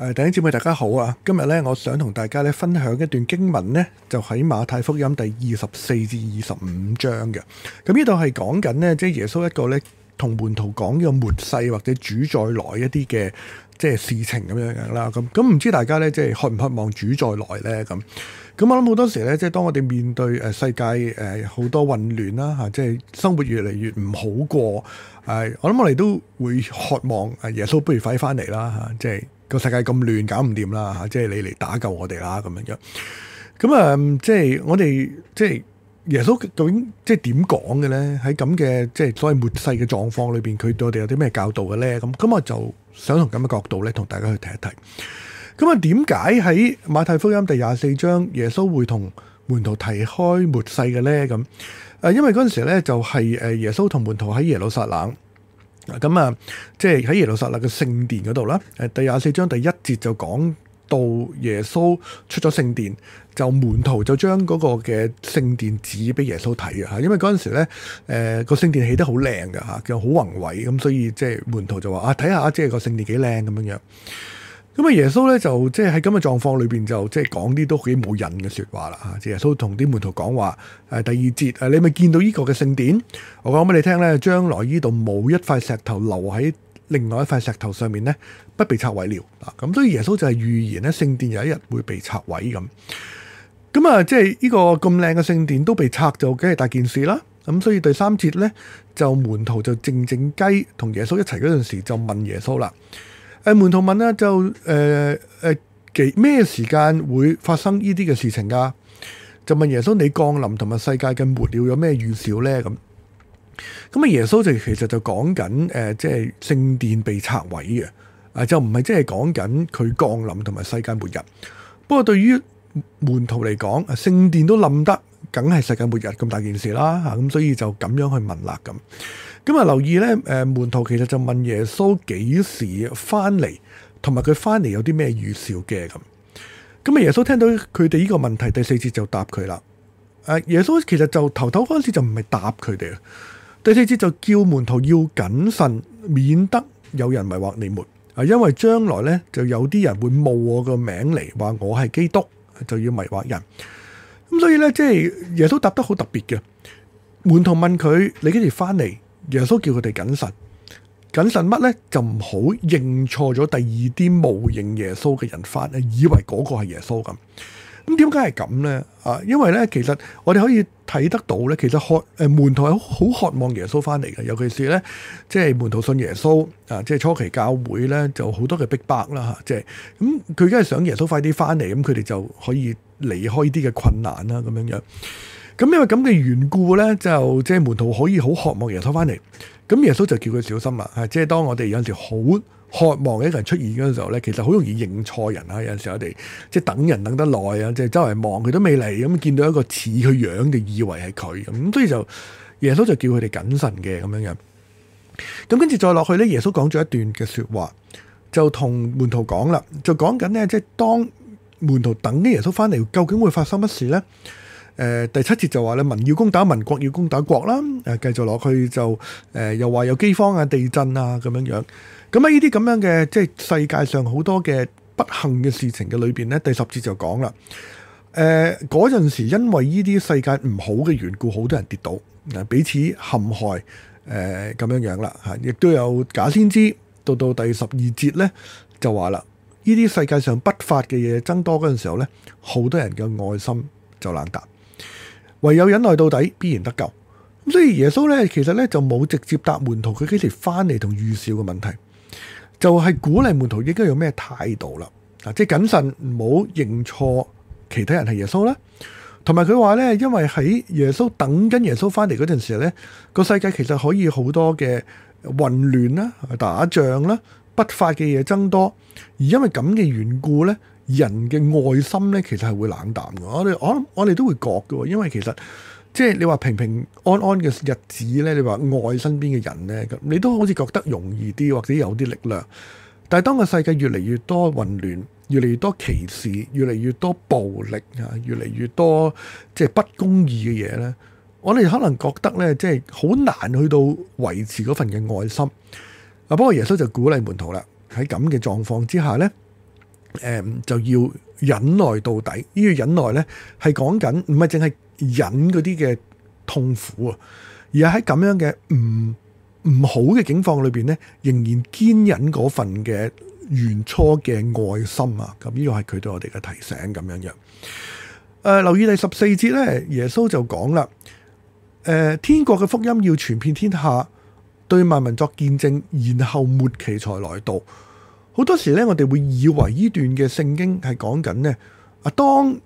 誒弟兄姊妹大家好啊！今日咧，我想同大家咧分享一段經文呢，就喺馬太福音第二十四至二十五章嘅。咁呢度係講緊呢，即係耶穌一個咧同門徒講嘅末世或者主再來一啲嘅即係事情咁樣嘅啦。咁咁唔知大家咧即係渴唔渴望主再來咧？咁咁、嗯、我諗好多時咧，即係當我哋面對誒世界誒好、呃、多混亂啦嚇，即係生活越嚟越唔好過。誒、啊、我諗我哋都會渴望誒、啊、耶穌不如快啲翻嚟啦嚇，即係。個世界咁亂，搞唔掂啦吓！即係你嚟打救我哋啦咁樣樣。咁、嗯、啊，即係我哋即係耶穌究竟即係點講嘅咧？喺咁嘅即係所謂末世嘅狀況裏邊，佢對我哋有啲咩教導嘅咧？咁、嗯、咁我就想從咁嘅角度咧，同大家去睇一睇。咁、嗯、啊，點解喺馬太福音第廿四章，耶穌會同門徒提開末世嘅咧？咁、嗯、誒，因為嗰陣時咧就係、是、誒耶穌同門徒喺耶路撒冷。咁啊、嗯，即係喺耶路撒冷嘅聖殿嗰度啦。誒，第廿四章第一節就講到耶穌出咗聖殿，就門徒就將嗰個嘅聖殿指俾耶穌睇啊。因為嗰陣時咧，誒個聖殿起得好靚㗎吓，叫好宏偉，咁、嗯、所以即係門徒就話啊，睇下即係個聖殿幾靚咁樣樣。咁啊！耶穌咧就即係喺咁嘅狀況裏邊就即係講啲都幾冇癮嘅説話啦嚇！即耶穌同啲門徒講話，誒，第二節誒，你咪見到依個嘅聖殿，我講俾你聽咧，將來依度冇一塊石頭留喺另外一塊石頭上面咧，不被拆毀了啊！咁所以耶穌就係預言咧，聖殿有一日會被拆毀咁。咁啊，即係呢個咁靚嘅聖殿都被拆就梗係大件事啦。咁啊，所以第三節咧就門徒就靜靜雞同耶穌一齊嗰陣時就問耶穌啦。誒，門徒問啦、啊，就誒誒、呃，幾咩時間會發生呢啲嘅事情噶？就問耶穌，你降臨同埋世界嘅末了有咩預兆咧？咁咁啊，耶穌就其實就講緊誒，即係聖殿被拆毀嘅，啊，就唔係即係講緊佢降臨同埋世界末日。不過對於門徒嚟講，聖殿都冧得，梗係世界末日咁大件事啦。吓、啊、咁，所以就咁樣去問啦咁。咁啊！留意咧，誒，門徒其實就問耶穌幾時翻嚟，同埋佢翻嚟有啲咩預兆嘅咁。咁啊，耶穌聽到佢哋呢個問題，第四節就答佢啦。誒，耶穌其實就頭頭開始就唔係答佢哋，第四節就叫門徒要謹慎，免得有人迷惑你們。啊，因為將來咧，就有啲人會冒我個名嚟，話我係基督，就要迷惑人。咁所以咧，即係耶穌答得好特別嘅。門徒問佢你幾時翻嚟？耶穌叫佢哋謹慎，謹慎乜咧？就唔好認錯咗第二啲冒認耶穌嘅人翻，以為嗰個係耶穌咁。咁點解係咁咧？啊，因為咧，其實我哋可以睇得到咧，其實渴誒門徒係好渴望耶穌翻嚟嘅，尤其是咧，即係門徒信耶穌啊，即係初期教會咧就好多嘅逼迫啦吓，即係咁佢梗係想耶穌快啲翻嚟，咁佢哋就可以離開啲嘅困難啦，咁樣樣。咁因為咁嘅緣故咧，就即係門徒可以好渴望耶穌翻嚟，咁耶穌就叫佢小心啦。啊，即係當我哋有陣時好渴望一個人出現嗰陣時候咧，其實好容易認錯人啊。有陣時我哋即係等人等得耐啊，即係周圍望佢都未嚟，咁見到一個似佢樣就以為係佢咁，所以就耶穌就叫佢哋謹慎嘅咁樣樣。咁跟住再落去咧，耶穌講咗一段嘅說話，就同門徒講啦，就講緊呢，即係當門徒等啲耶穌翻嚟，究竟會發生乜事咧？誒、呃、第七節就話咧，民要攻打民，國要攻打國啦。誒繼續落去就誒、呃，又話有饑荒啊、地震啊咁樣樣。咁喺呢啲咁樣嘅即係世界上好多嘅不幸嘅事情嘅裏邊呢，第十節就講啦。誒嗰陣時，因為呢啲世界唔好嘅緣故，好多人跌倒，啊、呃、彼此陷害，誒、呃、咁樣樣啦嚇，亦、啊、都有假先知。到到第十二節呢，就話啦，呢啲世界上不法嘅嘢增多嗰陣時候呢，好多人嘅愛心就冷淡。唯有忍耐到底，必然得救。咁所以耶穌咧，其實咧就冇直接答門徒佢幾時翻嚟同預兆嘅問題，就係鼓勵門徒應該用咩態度啦。啊，即係謹慎，唔好認錯其他人係耶穌啦。同埋佢話咧，因為喺耶穌等緊耶穌翻嚟嗰陣時候咧，個世界其實可以好多嘅混亂啦、打仗啦、不法嘅嘢增多，而因為咁嘅緣故咧。人嘅愛心呢，其實係會冷淡嘅。我哋我諗我哋都會覺嘅，因為其實即係你話平平安安嘅日子呢，你話愛身邊嘅人呢，你都好似覺得容易啲或者有啲力量。但係當個世界越嚟越多混亂，越嚟越多歧視，越嚟越多暴力啊，越嚟越多即係不公義嘅嘢呢，我哋可能覺得呢，即係好難去到維持嗰份嘅愛心。啊，不過耶穌就鼓勵門徒啦，喺咁嘅狀況之下呢。誒、嗯，就要忍耐到底。呢個忍耐呢，係講緊唔係淨係忍嗰啲嘅痛苦啊，而係喺咁樣嘅唔唔好嘅境況裏邊呢，仍然堅忍嗰份嘅原初嘅愛心啊！咁、這、呢個係佢對我哋嘅提醒咁樣樣。誒、呃，留意第十四節呢，耶穌就講啦，誒、呃，天國嘅福音要傳遍天下，對萬民作見證，然後末期才來到。好多時咧，我哋會以為呢段嘅聖經係講緊呢，啊，當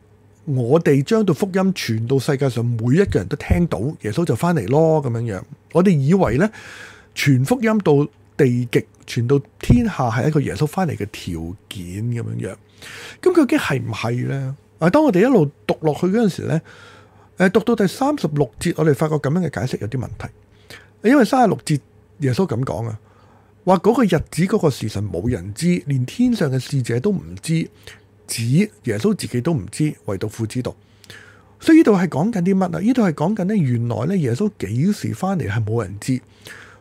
我哋將到福音傳到世界上每一個人都聽到，耶穌就翻嚟咯咁樣樣。我哋以為呢，傳福音到地極，傳到天下係一個耶穌翻嚟嘅條件咁樣樣。咁究竟係唔係呢？啊，當我哋一路讀落去嗰陣時呢，誒，讀到第三十六節，我哋發覺咁樣嘅解釋有啲問題。因為三十六節耶穌咁講啊。話嗰個日子，嗰個時辰冇人知，連天上嘅使者都唔知，指耶穌自己都唔知，唯獨父知道。所以呢度係講緊啲乜啊？呢度係講緊咧，原來咧，耶穌幾時翻嚟係冇人知。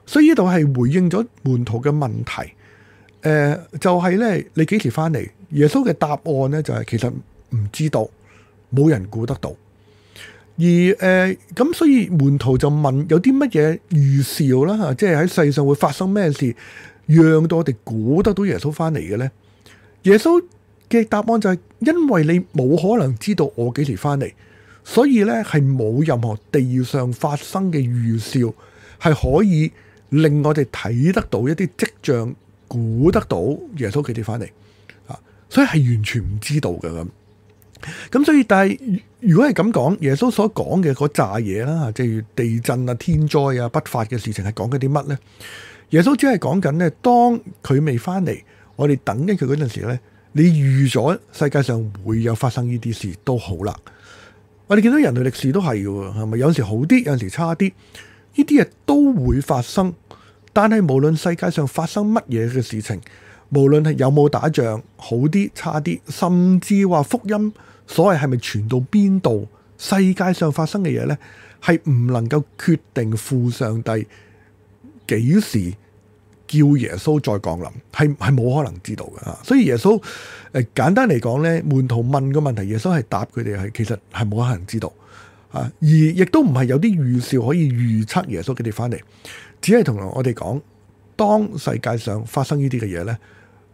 所以呢度係回應咗門徒嘅問題。誒、呃，就係呢，你幾時翻嚟？耶穌嘅答案呢，就係其實唔知道，冇人估得到。而誒咁、呃，所以門徒就問有啲乜嘢預兆啦嚇、啊，即係喺世上會發生咩事，讓到我哋估得到耶穌翻嚟嘅咧？耶穌嘅答案就係、是、因為你冇可能知道我幾時翻嚟，所以咧係冇任何地上發生嘅預兆係可以令我哋睇得到一啲跡象，估得到耶穌幾時翻嚟啊，所以係完全唔知道嘅咁。咁、啊、所以但係。如果係咁講，耶穌所講嘅嗰扎嘢啦，即係地震啊、天災啊、不發嘅事情，係講緊啲乜呢？耶穌只係講緊呢，當佢未返嚟，我哋等緊佢嗰陣時呢，你預咗世界上會有發生呢啲事都好啦。我哋見到人類歷史都係，係咪有時好啲，有時，有時差啲？呢啲嘢都會發生。但係無論世界上發生乜嘢嘅事情，無論係有冇打仗，好啲差啲，甚至話福音。所謂係咪傳到邊度？世界上發生嘅嘢咧，係唔能夠決定父上帝幾時叫耶穌再降臨，係係冇可能知道嘅。所以耶穌誒、呃，簡單嚟講咧，門徒問個問題，耶穌係答佢哋係，其實係冇可能知道啊。而亦都唔係有啲預兆可以預測耶穌佢哋翻嚟，只係同我哋講，當世界上發生呢啲嘅嘢咧，誒、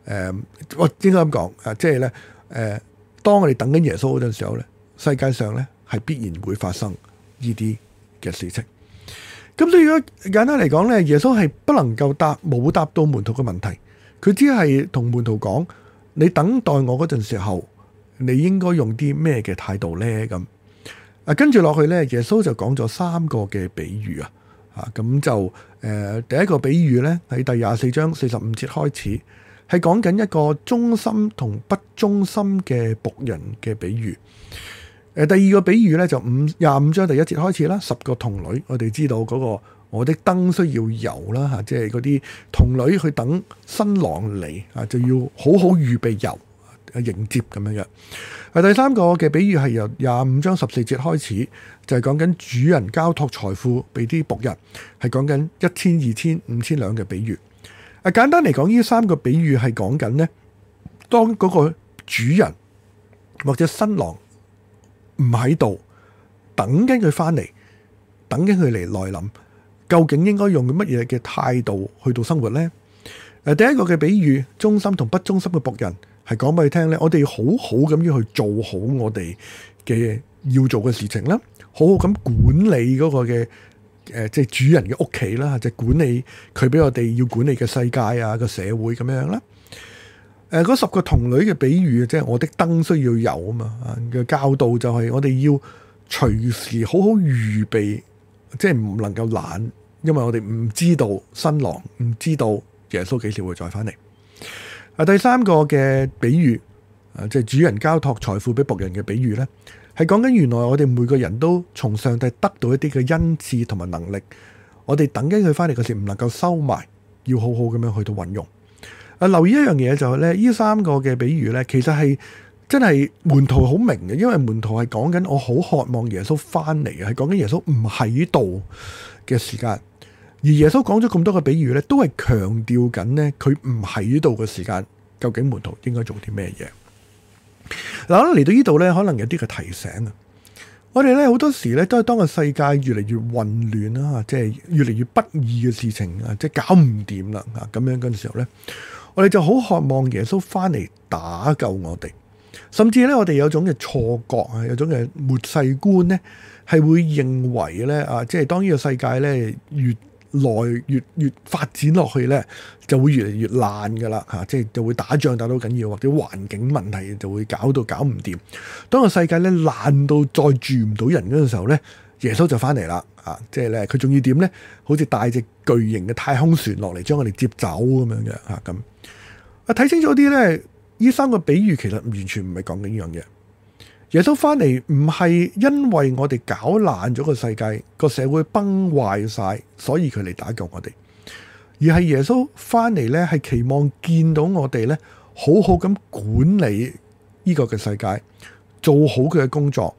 呃，我應該咁講啊，即係咧，誒、呃。當我哋等緊耶穌嗰陣時候呢，世界上呢，係必然會發生呢啲嘅事情。咁、嗯、所以如果簡單嚟講呢，耶穌係不能夠答冇答到門徒嘅問題，佢只係同門徒講：你等待我嗰陣時候，你應該用啲咩嘅態度呢？嗯，咁啊跟住落去呢，耶穌就講咗三個嘅比喻啊。啊，咁、嗯、就誒、呃、第一個比喻呢，喺第廿四章四十五節開始。係講緊一個忠心同不忠心嘅僕人嘅比喻。誒、呃，第二個比喻呢，就五廿五章第一節開始啦。十個童女，我哋知道嗰個我的燈需要油啦，吓、啊，即係嗰啲童女去等新郎嚟，啊，就要好好預備油迎接咁樣樣、呃。第三個嘅比喻係由廿五章十四節開始，就係講緊主人交託財富俾啲僕人，係講緊一千、二千、五千兩嘅比喻。啊，簡單嚟講，呢三個比喻係講緊咧，當嗰個主人或者新郎唔喺度，等緊佢翻嚟，等緊佢嚟來臨，究竟應該用乜嘢嘅態度去到生活呢？誒、啊，第一個嘅比喻，忠心同不忠心嘅僕人，係講俾佢聽呢，我哋要好好咁樣去做好我哋嘅要做嘅事情啦，好好咁管理嗰個嘅。誒、呃，即係主人嘅屋企啦，就管理佢俾我哋要管理嘅世界啊，個社會咁樣啦。誒、呃，嗰十個童女嘅比喻，即係我的燈需要油啊嘛。嘅教導就係我哋要隨時好好預備，即係唔能夠懶，因為我哋唔知道新郎，唔知道耶穌幾時會再翻嚟。啊，第三個嘅比喻，誒、啊，即係主人交託財富俾僕人嘅比喻咧，係講緊原來我哋每個人都從上帝得到一啲嘅恩賜同埋能力，我哋等緊佢翻嚟嗰時唔能夠收埋，要好好咁樣去到運用。啊，留意一樣嘢就係咧，呢三個嘅比喻咧，其實係真係門徒好明嘅，因為門徒係講緊我好渴望耶穌翻嚟嘅，係講緊耶穌唔喺度嘅時間，而耶穌講咗咁多嘅比喻咧，都係強調緊咧佢唔喺度嘅時間，究竟門徒應該做啲咩嘢？嗱，嚟到呢度呢，可能有啲嘅提醒啊！我哋呢，好多時呢，都係當個世界越嚟越混亂啊，即係越嚟越不易嘅事情啊，即係搞唔掂啦啊！咁樣嘅時候呢，我哋就好渴望耶穌翻嚟打救我哋，甚至呢，我哋有種嘅錯覺啊，有種嘅末世觀呢，係會認為呢，啊，即係當呢個世界呢。越。來越越發展落去咧，就會越嚟越爛噶啦吓，即係就會打仗打到好緊要，或者環境問題就會搞到搞唔掂。當個世界咧爛到再住唔到人嗰個時候咧，耶穌就翻嚟啦啊！即係咧，佢仲要點咧？好似帶隻巨型嘅太空船落嚟，將我哋接走咁樣嘅吓咁啊！睇、啊、清楚啲咧，呢三個比喻其實完全唔係講緊呢樣嘢。耶穌翻嚟唔係因為我哋搞爛咗個世界個社會崩壞晒，所以佢嚟打救我哋。而係耶穌翻嚟呢，係期望見到我哋呢，好好咁管理呢個嘅世界，做好佢嘅工作，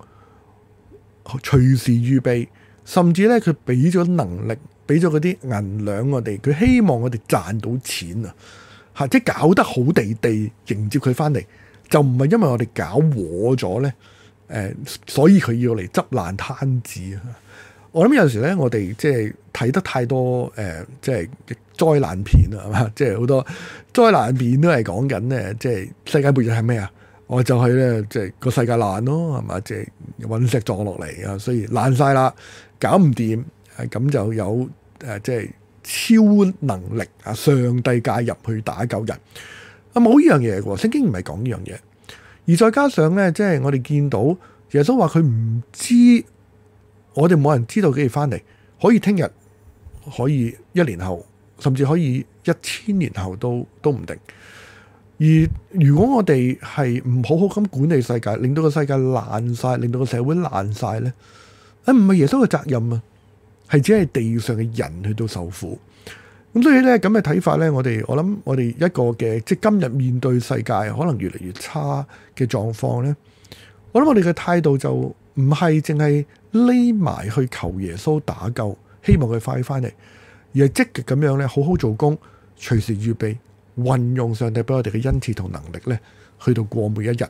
隨時預備。甚至呢，佢俾咗能力，俾咗嗰啲銀兩我哋，佢希望我哋賺到錢啊！吓，即係搞得好地地迎接佢翻嚟。就唔係因為我哋搞禍咗咧，誒、呃，所以佢要嚟執爛攤子啊！我諗有陣時咧，我哋即係睇得太多誒，即係災難片啦，係嘛？即係好多災難片都係講緊咧，即係世界末日係咩啊？我就係咧，即係個世界爛咯，係嘛？即係隕石撞落嚟啊，所以爛晒啦，搞唔掂，咁就有誒，即係超能力啊，上帝介入去打救人。冇呢樣嘢嘅，聖經唔係講呢樣嘢，而再加上呢，即係我哋見到耶穌話佢唔知，我哋冇人知道幾時翻嚟，可以聽日，可以一年後，甚至可以一千年後都都唔定。而如果我哋係唔好好咁管理世界，令到個世界爛晒，令到個社會爛晒呢，誒唔係耶穌嘅責任啊，係只係地上嘅人去到受苦。咁所以咧，咁嘅睇法咧，我哋我諗，我哋一個嘅即係今日面對世界可能越嚟越差嘅狀況咧，我諗我哋嘅態度就唔係淨係匿埋去求耶穌打救，希望佢快翻嚟，而係積極咁樣咧，好好做工，隨時預備，運用上帝俾我哋嘅恩賜同能力咧，去到過每一日，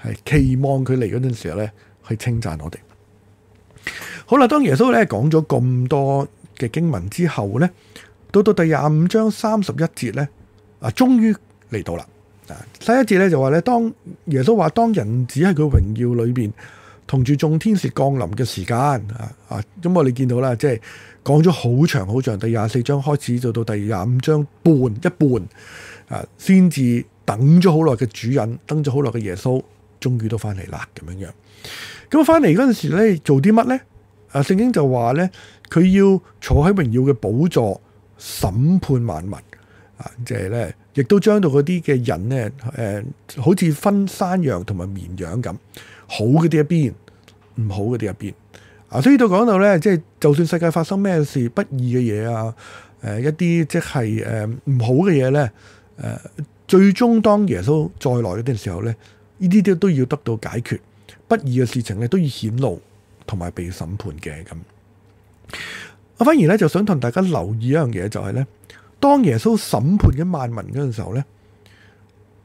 係期望佢嚟嗰陣時候咧，去稱讚我哋。好啦，當耶穌咧講咗咁多嘅經文之後咧。到到第廿五章三十一節呢，啊，終於嚟到啦！啊，第一節呢，就話咧，當耶穌話，當人子喺佢榮耀裏邊同住眾天使降臨嘅時間啊啊！咁、嗯、我哋見到啦，即係講咗好長好長，第廿四章開始做到第廿五章半一半啊，先至等咗好耐嘅主人，等咗好耐嘅耶穌，終於都翻嚟啦，咁樣樣。咁翻嚟嗰陣時咧，做啲乜呢？啊，聖經就話呢，佢要坐喺榮耀嘅寶座。審判萬民，啊，即係咧，亦都將到嗰啲嘅人呢，誒、呃，好似分山羊同埋綿羊咁，好嘅啲一邊，唔好嘅啲一邊啊。所以到講到呢，即係就算世界發生咩事，不義嘅嘢啊，誒、呃，一啲即係誒唔好嘅嘢呢，誒、呃，最終當耶穌再來嗰啲時候呢，呢啲都要得到解決，不義嘅事情呢，都要顯露同埋被審判嘅咁。我反而咧就想同大家留意一樣嘢，就係咧，當耶穌審判緊萬民嗰陣時候咧，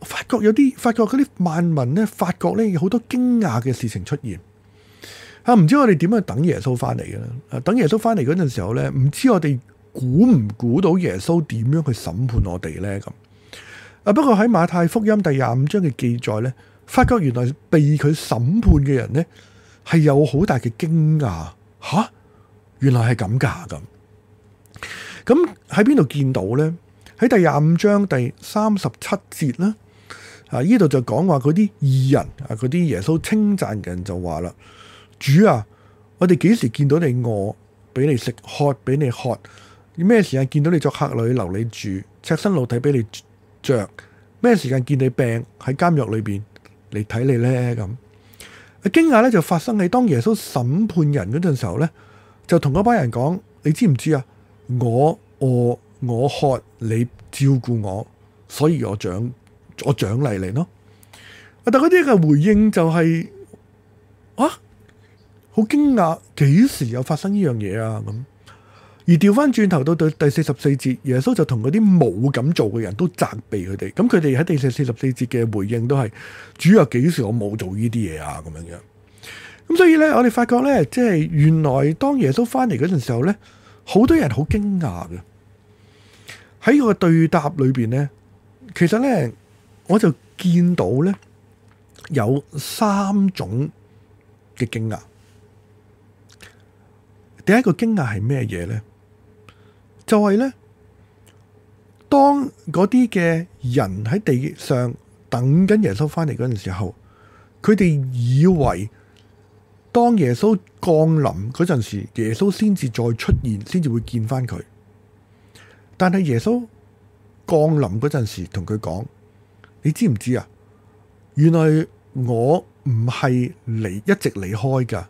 發覺有啲發覺嗰啲萬民咧，發覺咧有好多驚訝嘅事情出現。啊，唔知我哋點樣等耶穌翻嚟嘅啦？啊，等耶穌翻嚟嗰陣時候咧，唔知我哋估唔估到耶穌點樣去審判我哋咧？咁啊，不過喺馬太福音第廿五章嘅記載咧，發覺原來被佢審判嘅人咧係有好大嘅驚訝，吓、啊。原來係咁噶咁咁喺邊度見到呢？喺第廿五章第三十七節啦。啊，呢度就講話嗰啲義人啊，嗰啲耶穌稱讚人就話啦：主啊，我哋幾時見到你餓，俾你食；渴，俾你喝；咩時間見到你作客旅，留你住；赤身露體俾你着；咩時間見你病喺監獄裏邊，嚟睇你呢。」咁啊，驚訝咧就發生喺當耶穌審判人嗰陣時候呢。就同一班人講，你知唔知啊？我餓，我渴，你照顧我，所以我獎我獎勵你咯。但嗰啲嘅回應就係、是、啊，好驚訝，幾時有發生呢樣嘢啊？咁而掉翻轉頭到第第四十四節，耶穌就同嗰啲冇咁做嘅人都責備佢哋。咁佢哋喺第四四十四節嘅回應都係，主要啊，幾時我冇做呢啲嘢啊？咁樣樣。咁所以咧，我哋發覺咧，即係原來當耶穌翻嚟嗰陣時候咧，好多人好驚訝嘅。喺個對答裏邊咧，其實咧，我就見到咧有三種嘅驚訝。第一個驚訝係咩嘢咧？就係咧，當嗰啲嘅人喺地上等緊耶穌翻嚟嗰陣時候，佢哋以為。當耶穌降臨嗰陣時，耶穌先至再出現，先至會見翻佢。但係耶穌降臨嗰陣時，同佢講：你知唔知啊？原來我唔係離一直離開噶，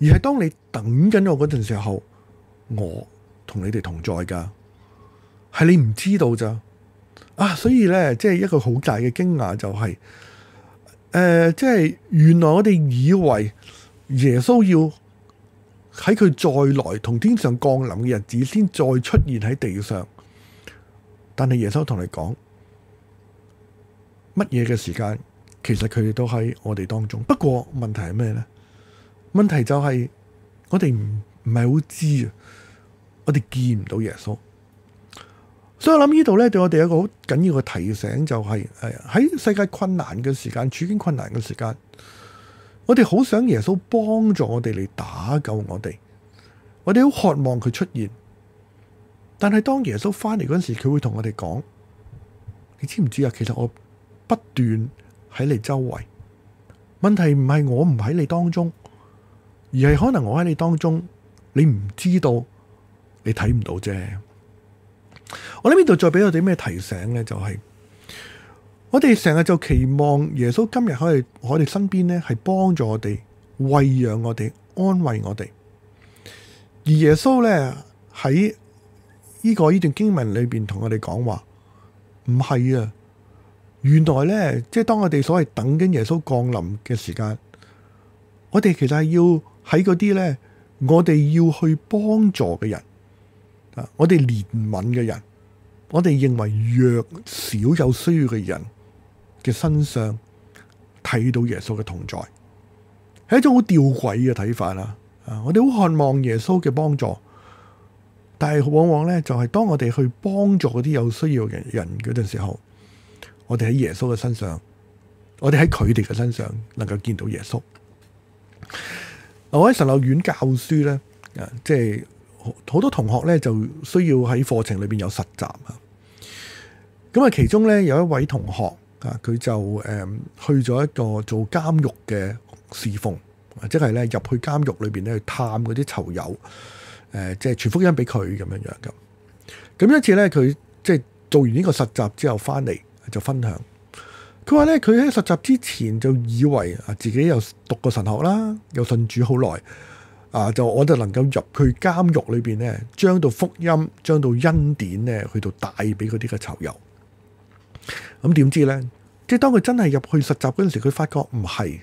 而係當你等緊我嗰陣時候，我同你哋同在噶。係你唔知道咋啊？所以呢，即係一個好大嘅驚訝就係、是。誒、呃，即係原來我哋以為耶穌要喺佢再來同天上降臨嘅日子先再出現喺地上，但係耶穌同你講乜嘢嘅時間，其實佢哋都喺我哋當中。不過問題係咩呢？問題就係我哋唔唔係好知啊，我哋見唔到耶穌。所以我諗呢度咧，對我哋有一個好緊要嘅提醒就係，喺世界困難嘅時間、處境困難嘅時間，我哋好想耶穌幫助我哋嚟，打救我哋，我哋好渴望佢出現。但係當耶穌翻嚟嗰陣時，佢會同我哋講：你知唔知啊？其實我不斷喺你周圍。問題唔係我唔喺你當中，而係可能我喺你當中，你唔知道，你睇唔到啫。我諗呢度再俾我哋咩提醒呢？就係、是，我哋成日就期望耶穌今日可以我哋身邊呢，係幫助我哋、餵養我哋、安慰我哋。而耶穌呢，喺呢個呢段經文裏邊同我哋講話，唔係啊！原來呢，即係當我哋所謂等緊耶穌降臨嘅時間，我哋其實係要喺嗰啲呢，我哋要去幫助嘅人，我哋憐憫嘅人，我哋認為弱小有需要嘅人嘅身上睇到耶穌嘅同在，係一種好弔詭嘅睇法啦。啊，我哋好盼望耶穌嘅幫助，但係往往咧，就係當我哋去幫助嗰啲有需要嘅人嗰陣時候，我哋喺耶穌嘅身上，我哋喺佢哋嘅身上能夠見到耶穌。我喺神學院教書咧，啊，即係。好多同學咧就需要喺課程裏邊有實習啊，咁啊其中咧有一位同學啊，佢就誒去咗一個做監獄嘅侍奉，即係咧入去監獄裏邊咧去探嗰啲囚友，誒即係傳福音俾佢咁樣樣咁。咁一次咧佢即係做完呢個實習之後翻嚟，就分享，佢話咧佢喺實習之前就以為啊自己又讀過神學啦，又信主好耐。啊！就我就能夠入去監獄裏邊咧，將到福音，將到恩典咧，去到帶俾佢啲嘅囚友。咁、啊、點知呢？即係當佢真係入去實習嗰陣時，佢發覺唔係。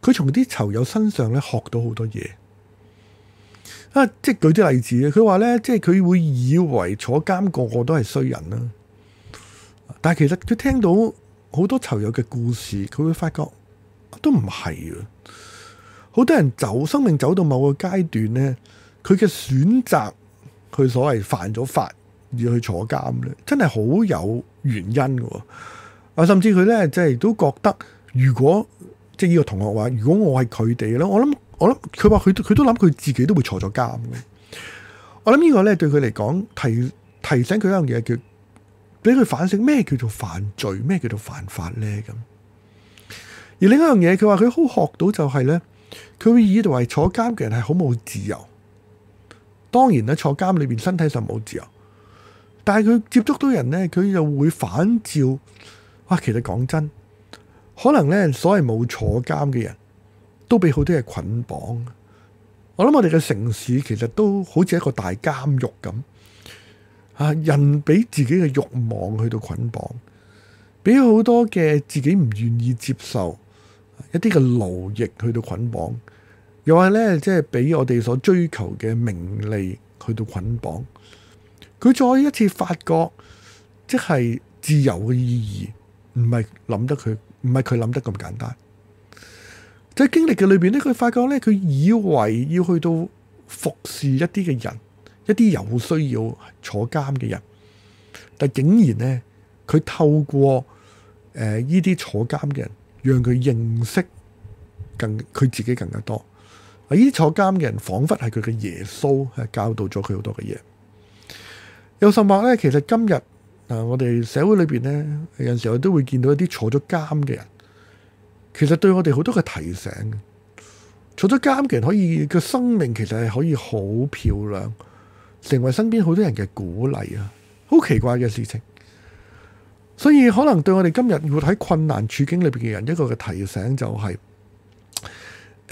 佢從啲囚友身上咧學到好多嘢。啊！即係舉啲例子佢話呢，即係佢會以為坐監個個都係衰人啦、啊。但係其實佢聽到好多囚友嘅故事，佢會發覺都唔係啊。好多人走生命走到某個階段咧，佢嘅選擇，佢所謂犯咗法而去坐監咧，真係好有原因嘅哦。啊，甚至佢咧即係都覺得，如果即係呢個同學話，如果我係佢哋咧，我諗我諗佢話佢佢都諗佢自己都會坐咗監嘅。我諗呢個咧對佢嚟講提提醒佢一樣嘢叫俾佢反省咩叫做犯罪，咩叫做犯法咧咁。而另一樣嘢，佢話佢好學到就係咧。佢會以為坐監嘅人係好冇自由，當然咧，坐監裏邊身體上冇自由，但係佢接觸到人呢，佢又會反照。哇，其實講真，可能呢所謂冇坐監嘅人都俾好多嘢捆綁。我諗我哋嘅城市其實都好似一個大監獄咁。啊，人俾自己嘅慾望去到捆綁，俾好多嘅自己唔願意接受。一啲嘅奴役去到捆綁，又係咧，即係俾我哋所追求嘅名利去到捆綁。佢再一次發覺，即係自由嘅意義，唔係諗得佢，唔係佢諗得咁簡單。即係經歷嘅裏邊咧，佢發覺咧，佢以為要去到服侍一啲嘅人，一啲有需要坐監嘅人，但竟然咧，佢透過誒呢啲坐監嘅人。讓佢認識更佢自己更加多。啊！呢啲坐監嘅人，仿佛係佢嘅耶穌係教導咗佢好多嘅嘢。有咩呢，其實今日啊、呃，我哋社會裏邊呢，有陣時候都會見到一啲坐咗監嘅人，其實對我哋好多嘅提醒。坐咗監嘅人可以個生命，其實係可以好漂亮，成為身邊好多人嘅鼓勵啊！好奇怪嘅事情。所以可能對我哋今日活喺困難處境裏邊嘅人一個嘅提醒就係、是，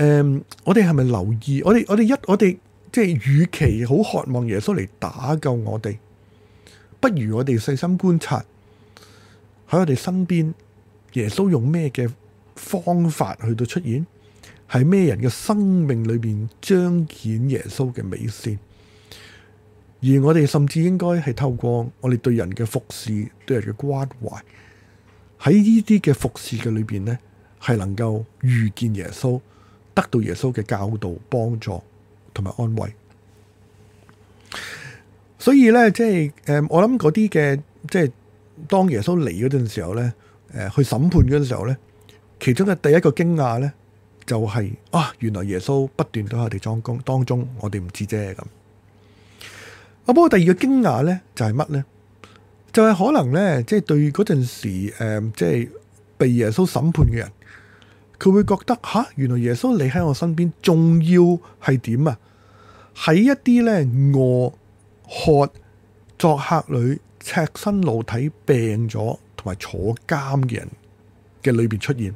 誒, um, 我哋係咪留意？我哋我哋一我哋即係，與其好渴望耶穌嚟打救我哋，不如我哋細心觀察喺我哋身邊，耶穌用咩嘅方法去到出現？喺咩人嘅生命裏邊彰顯耶穌嘅美善？而我哋甚至應該係透過我哋對人嘅服侍，對人嘅關懷，喺呢啲嘅服侍嘅裏邊呢係能夠遇見耶穌，得到耶穌嘅教導、幫助同埋安慰。所以呢，即係誒、呃，我諗嗰啲嘅即係當耶穌嚟嗰陣時候呢，誒、呃、去審判嗰陣時候呢，其中嘅第一個驚訝呢，就係、是、啊，原來耶穌不斷都喺我哋當工當中，我哋唔知啫咁。我不過第二個驚訝咧就係乜咧？就係、是就是、可能咧，即係對嗰陣時誒、呃，即係被耶穌審判嘅人，佢會覺得吓，原來耶穌你喺我身邊，仲要係點啊？喺一啲咧餓、渴、作客旅、赤身露體、病、病咗同埋坐監嘅人嘅裏邊出現。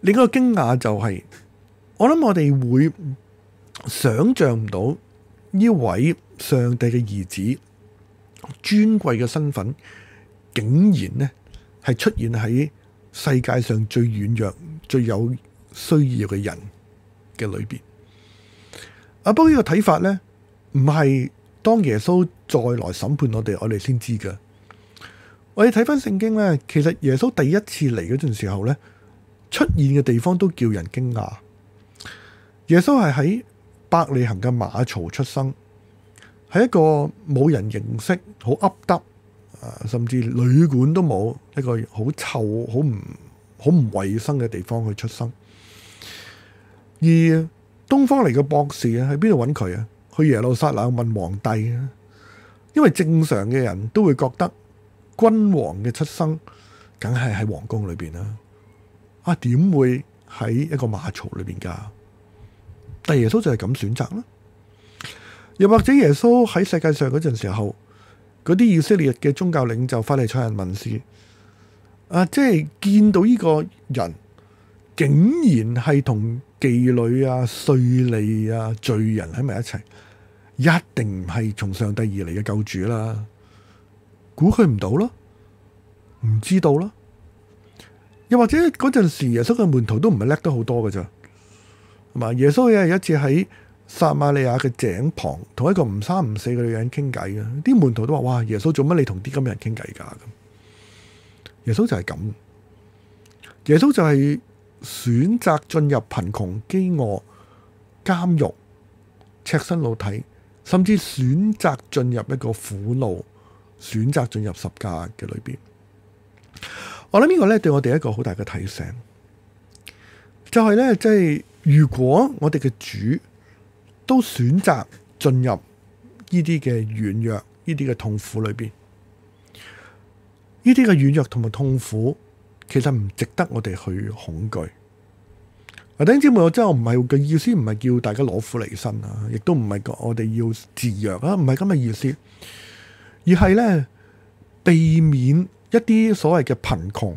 另一個驚訝就係、是，我諗我哋會想象唔到。呢位上帝嘅兒子尊貴嘅身份，竟然呢係出現喺世界上最軟弱、最有需要嘅人嘅裏邊。阿波呢個睇法呢，唔係當耶穌再來審判我哋，我哋先知嘅。我哋睇翻聖經呢，其實耶穌第一次嚟嗰陣時候呢，出現嘅地方都叫人驚訝。耶穌係喺。百里行嘅馬槽出生，係一個冇人認識、好凹凸甚至旅館都冇一個好臭、好唔好唔衛生嘅地方去出生。而東方嚟嘅博士啊，喺邊度揾佢啊？去耶路撒冷問皇帝啊，因為正常嘅人都會覺得君王嘅出生，梗係喺皇宮裏邊啦。啊，點會喺一個馬槽裏邊噶？但耶穌就係咁選擇啦，又或者耶穌喺世界上嗰陣時候，嗰啲以色列嘅宗教領袖、法利賽人、文士，啊，即係見到呢個人，竟然係同妓女啊、稅吏啊、罪人喺埋一齊，一定唔係從上帝而嚟嘅救主啦，估佢唔到咯，唔知道咯，又或者嗰陣時耶穌嘅門徒都唔係叻得好多㗎咋。同埋，耶穌也係一次喺撒瑪利亞嘅井旁，同一個唔三唔四嘅女人傾偈嘅。啲門徒都話：哇！耶穌做乜？你同啲咁嘅人傾偈㗎？耶穌就係咁，耶穌就係選擇進入貧窮、飢餓、監獄、赤身露體，甚至選擇進入一個苦路，選擇進入十架嘅裏邊。我諗呢個呢對我哋一個好大嘅提醒，就係呢，即係。如果我哋嘅主都選擇進入呢啲嘅軟弱、呢啲嘅痛苦裏邊，呢啲嘅軟弱同埋痛苦，其實唔值得我哋去恐懼。弟兄姊妹，我真係唔係嘅意思，唔係叫大家攞苦嚟辛啊，亦都唔係講我哋要自弱啊，唔係咁嘅意思，而係咧避免一啲所謂嘅貧窮。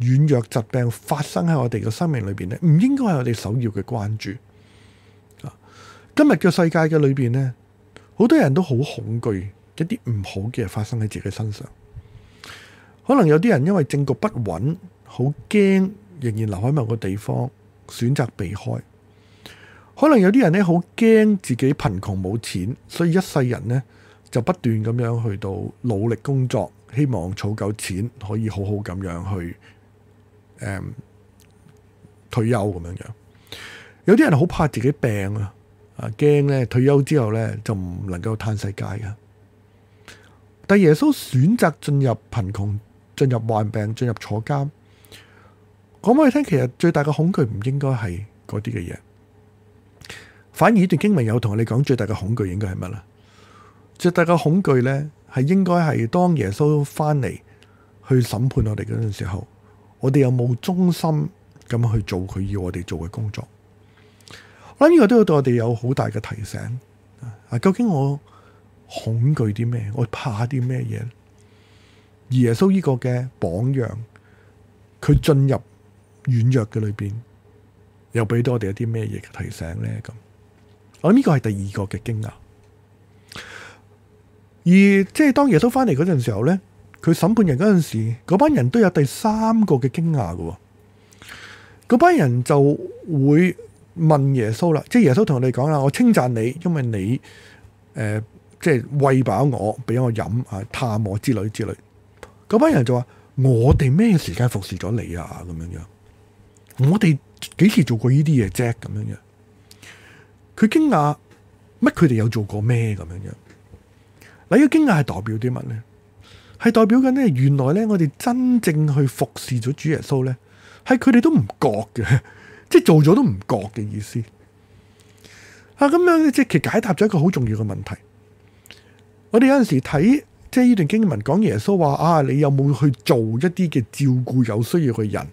軟弱疾病發生喺我哋嘅生命裏邊咧，唔應該係我哋首要嘅關注。啊、今日嘅世界嘅裏邊咧，好多人都好恐懼一啲唔好嘅嘢發生喺自己身上。可能有啲人因為政局不穩，好驚，仍然留喺某個地方選擇避開。可能有啲人呢，好驚自己貧窮冇錢，所以一世人呢，就不斷咁樣去到努力工作，希望儲夠錢可以好好咁樣去。Um, 退休咁樣樣，有啲人好怕自己病啊，啊驚咧退休之後咧就唔能夠嘆世界嘅。但耶穌選擇進入貧窮、進入患病、進入坐監，講俾你聽，其實最大嘅恐懼唔應該係嗰啲嘅嘢，反而呢段經文有同我哋講最大嘅恐懼應該係乜啦？最大嘅恐懼咧係應該係當耶穌翻嚟去審判我哋嗰陣時候。我哋有冇忠心咁去做佢要我哋做嘅工作？我諗呢個都有對我哋有好大嘅提醒。啊，究竟我恐懼啲咩？我怕啲咩嘢？而耶穌呢個嘅榜樣，佢進入軟弱嘅裏邊，又俾到我哋一啲咩嘢嘅提醒咧？咁，我諗呢個係第二個嘅驚訝。而即係當耶穌翻嚟嗰陣時候咧。佢審判人嗰陣時，嗰班人都有第三個嘅驚訝嘅，嗰班人就會問耶穌啦，即係耶穌同你講啦，我稱讚你，因為你誒、呃，即係喂飽我，俾我飲啊，探我之類之類，嗰班人就話我哋咩時間服侍咗你啊？咁樣樣，我哋幾時做過呢啲嘢啫？咁樣樣，佢驚訝乜佢哋有做過咩咁樣樣，你、那、呢個驚訝係代表啲乜咧？係代表緊呢，原來呢，我哋真正去服侍咗主耶穌呢，係佢哋都唔覺嘅，即係做咗都唔覺嘅意思。啊，咁樣即係其實解答咗一個好重要嘅問題。我哋有陣時睇即係呢段經文講耶穌話啊，你有冇去做一啲嘅照顧有需要嘅人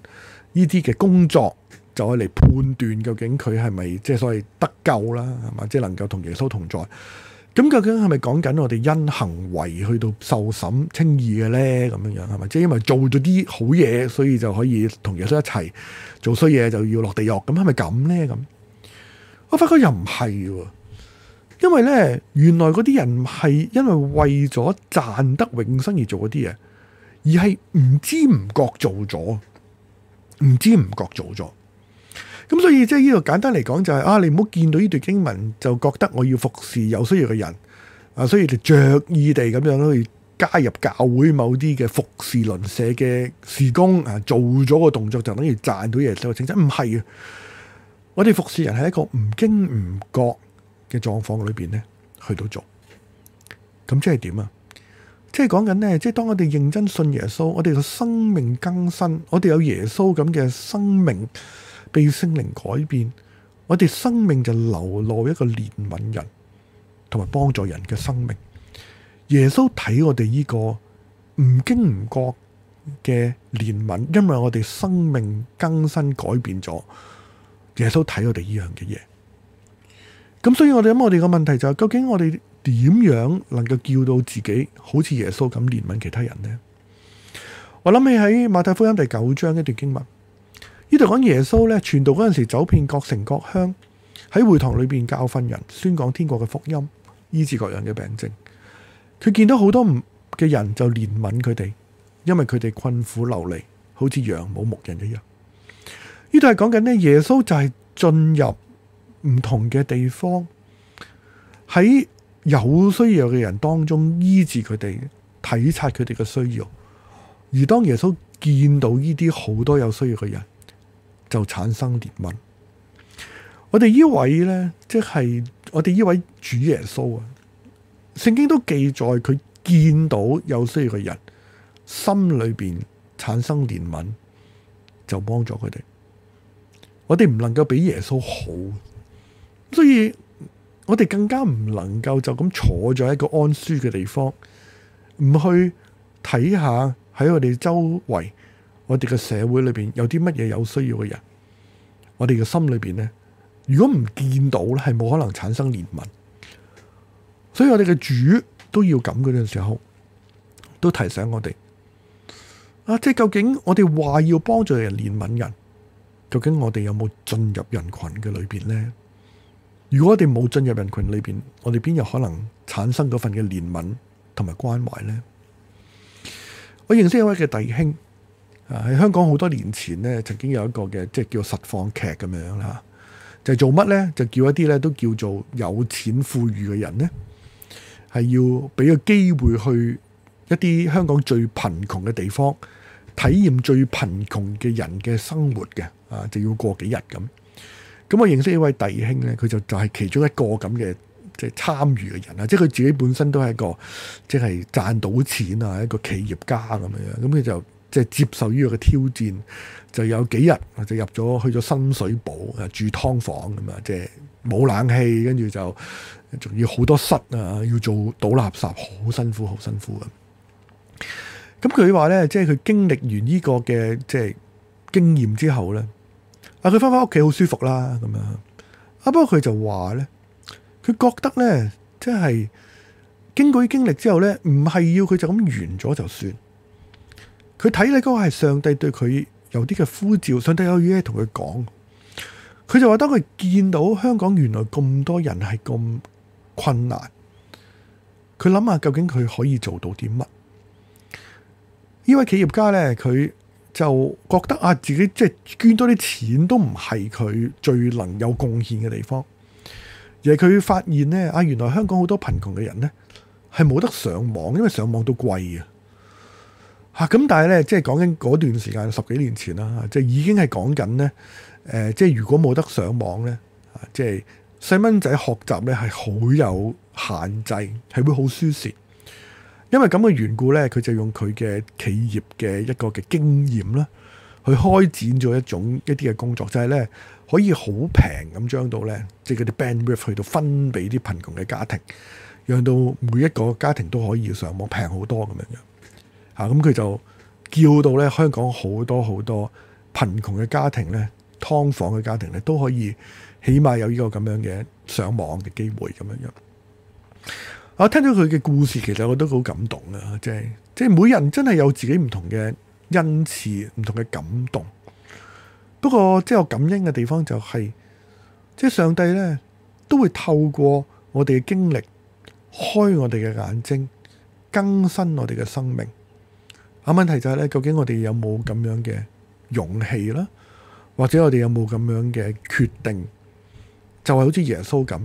呢啲嘅工作，就係嚟判斷究竟佢係咪即係所謂得救啦，係嘛，即係能夠同耶穌同在。咁究竟係咪講緊我哋因行為去到受審稱義嘅咧？咁樣樣係咪？即係因為做咗啲好嘢，所以就可以同耶穌一齊，做衰嘢就要落地獄？咁係咪咁咧？咁我發覺又唔係，因為咧，原來嗰啲人係因為為咗賺得永生而做嗰啲嘢，而係唔知唔覺做咗，唔知唔覺做咗。咁所以即係呢個簡單嚟講就係、是、啊你唔好見到呢段經文就覺得我要服侍有需要嘅人啊，所以就着意地咁樣去加入教會某啲嘅服侍鄰舍嘅事工啊，做咗個動作就等於賺到耶穌嘅稱讚。唔係啊，我哋服侍人係一個唔經唔覺嘅狀況裏邊咧去到做，咁即係點啊？即係講緊呢，即係當我哋認真信耶穌，我哋嘅生命更新，我哋有耶穌咁嘅生命。被聖靈改變，我哋生命就流露一個憐憫人，同埋幫助人嘅生命。耶穌睇我哋呢個唔經唔覺嘅憐憫，因為我哋生命更新改變咗。耶穌睇我哋呢樣嘅嘢，咁所以我哋諗，我哋個問題就係，究竟我哋點樣能夠叫到自己好似耶穌咁憐憫其他人呢？我諗起喺馬太福音第九章一段經文。呢度講耶穌咧，傳道嗰陣時走遍各城各鄉，喺會堂裏邊教訓人，宣講天國嘅福音，醫治各樣嘅病症。佢見到好多唔嘅人就憐憫佢哋，因為佢哋困苦流離，好似羊冇牧人一樣。呢度係講緊呢，耶穌就係進入唔同嘅地方，喺有需要嘅人當中醫治佢哋，體察佢哋嘅需要。而當耶穌見到呢啲好多有需要嘅人，就產生憐憫。我哋呢位咧，即係我哋呢位主耶穌啊，聖經都記載佢見到有需要嘅人，心裏邊產生憐憫，就幫助佢哋。我哋唔能夠比耶穌好，所以我哋更加唔能夠就咁坐咗一個安舒嘅地方，唔去睇下喺我哋周圍。我哋嘅社會裏邊有啲乜嘢有需要嘅人，我哋嘅心裏邊呢，如果唔見到咧，係冇可能產生憐憫。所以我哋嘅主都要咁嘅時候，都提醒我哋啊！即係究竟我哋話要幫助人憐憫人，究竟我哋有冇進入人群嘅裏邊呢？如果我哋冇進入人群裏邊，我哋邊有可能產生嗰份嘅憐憫同埋關懷呢？我認識一位嘅弟兄。啊！喺香港好多年前咧，曾經有一個嘅即係叫實況劇咁樣啦，啊，就係，做乜咧？就叫一啲咧都叫做有錢富裕嘅人咧，係要俾個機會去一啲香港最貧窮嘅地方體驗最貧窮嘅人嘅生活嘅啊！就要過幾日咁，咁我認識一位弟兄咧，佢就就係其中一個咁嘅即係參與嘅人啦。即係佢自己本身都係一個即係賺到錢啊，一個企業家咁樣，咁佢就。即係接受呢個嘅挑戰，就有幾日就入咗去咗深水埗啊，住劏房咁啊，即係冇冷氣，跟住就仲要好多室啊，要做倒垃圾，好辛苦，好辛苦、嗯、啊！咁佢話咧，即係佢經歷完呢個嘅即係經驗之後咧，啊佢翻翻屋企好舒服啦，咁樣啊，不過佢就話咧，佢覺得咧，即係經過啲經歷之後咧，唔係要佢就咁完咗就算。佢睇你嗰個係上帝對佢有啲嘅呼召，上帝有嘢同佢講。佢就話：當佢見到香港原來咁多人係咁困難，佢諗下究竟佢可以做到啲乜？呢位企業家咧，佢就覺得啊，自己即係捐多啲錢都唔係佢最能有貢獻嘅地方。而佢發現咧，啊原來香港好多貧窮嘅人咧係冇得上網，因為上網都貴啊。嚇！咁、啊、但係咧，即係講緊嗰段時間十幾年前啦、啊，即係已經係講緊咧，誒、呃，即係如果冇得上網咧，嚇、啊，即係細蚊仔學習咧係好有限制，係會好輸蝕。因為咁嘅緣故咧，佢就用佢嘅企業嘅一個嘅經驗啦，去開展咗一種一啲嘅工作，就係、是、咧可以好平咁將到咧，即係嗰啲 bandwidth 去到分俾啲貧窮嘅家庭，讓到每一個家庭都可以上網，平好多咁樣樣。啊！咁佢就叫到咧，香港好多好多貧窮嘅家庭咧，劏房嘅家庭咧，都可以起碼有呢個咁樣嘅上網嘅機會咁樣樣。我，啊，聽到佢嘅故事，其實我都好感動啊！即係即係，每人真係有自己唔同嘅恩賜，唔同嘅感動。不過，即係我感恩嘅地方就係，即係上帝咧都會透過我哋嘅經歷開我哋嘅眼睛，更新我哋嘅生命。啊！問題就係咧，究竟我哋有冇咁樣嘅勇氣啦？或者我哋有冇咁樣嘅決定？就係好似耶穌咁，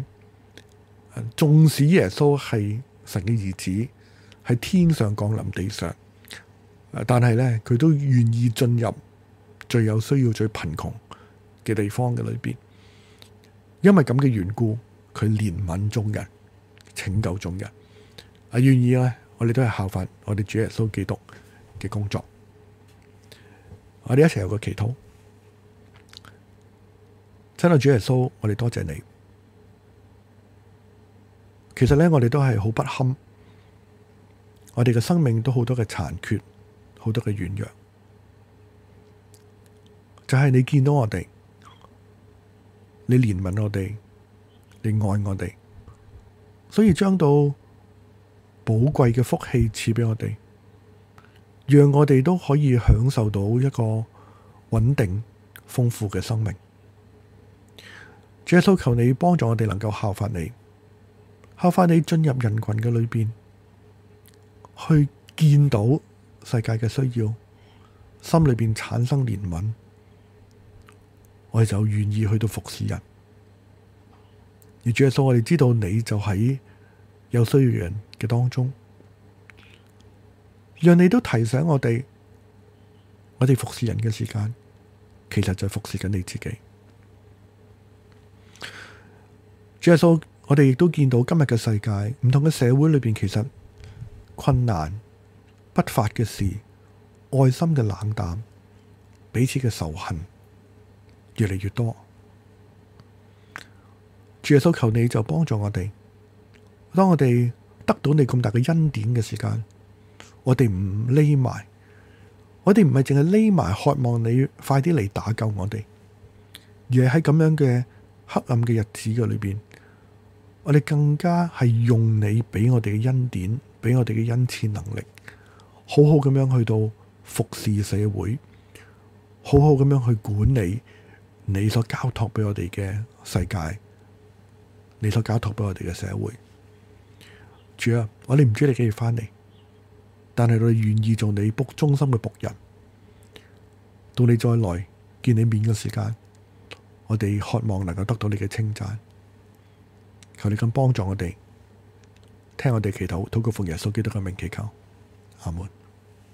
縱使耶穌係神嘅兒子，係天上降臨地上，但係咧佢都願意進入最有需要、最貧窮嘅地方嘅裏邊，因為咁嘅緣故，佢憐憫眾人，拯救眾人。啊，願意咧，我哋都係效法我哋主耶穌基督嘅工作，我哋一齊有個祈禱。親愛的主耶穌，我哋多謝你。其實咧，我哋都係好不堪，我哋嘅生命都好多嘅殘缺，好多嘅軟弱。就係、是、你見到我哋，你憐憫我哋，你愛我哋，所以將到寶貴嘅福氣賜俾我哋。讓我哋都可以享受到一個穩定、豐富嘅生命。主耶穌求你幫助我哋能夠效法你，效法你進入人群嘅裏邊，去見到世界嘅需要，心裏邊產生憐憫，我哋就願意去到服侍人。而主耶穌，我哋知道你就喺有需要嘅人嘅當中。讓你都提醒我哋，我哋服侍人嘅時間，其實就係服侍緊你自己。主耶穌，我哋亦都見到今日嘅世界，唔同嘅社會裏邊，其實困難不法嘅事、愛心嘅冷淡、彼此嘅仇恨越嚟越多。主耶穌，求你就幫助我哋，當我哋得到你咁大嘅恩典嘅時間。我哋唔匿埋，我哋唔係淨係匿埋，渴望你快啲嚟打救我哋，而係喺咁樣嘅黑暗嘅日子嘅裏邊，我哋更加係用你畀我哋嘅恩典，畀我哋嘅恩賜能力，好好咁樣去到服侍社會，好好咁樣去管理你所交託畀我哋嘅世界，你所交託畀我哋嘅社會。主啊，我哋唔知你幾時翻嚟。但係我哋願意做你僕忠心嘅僕人，到你再來見你面嘅時間，我哋渴望能夠得到你嘅稱讚，求你咁幫助我哋，聽我哋祈禱，禱告奉耶穌基督嘅名祈求，阿門。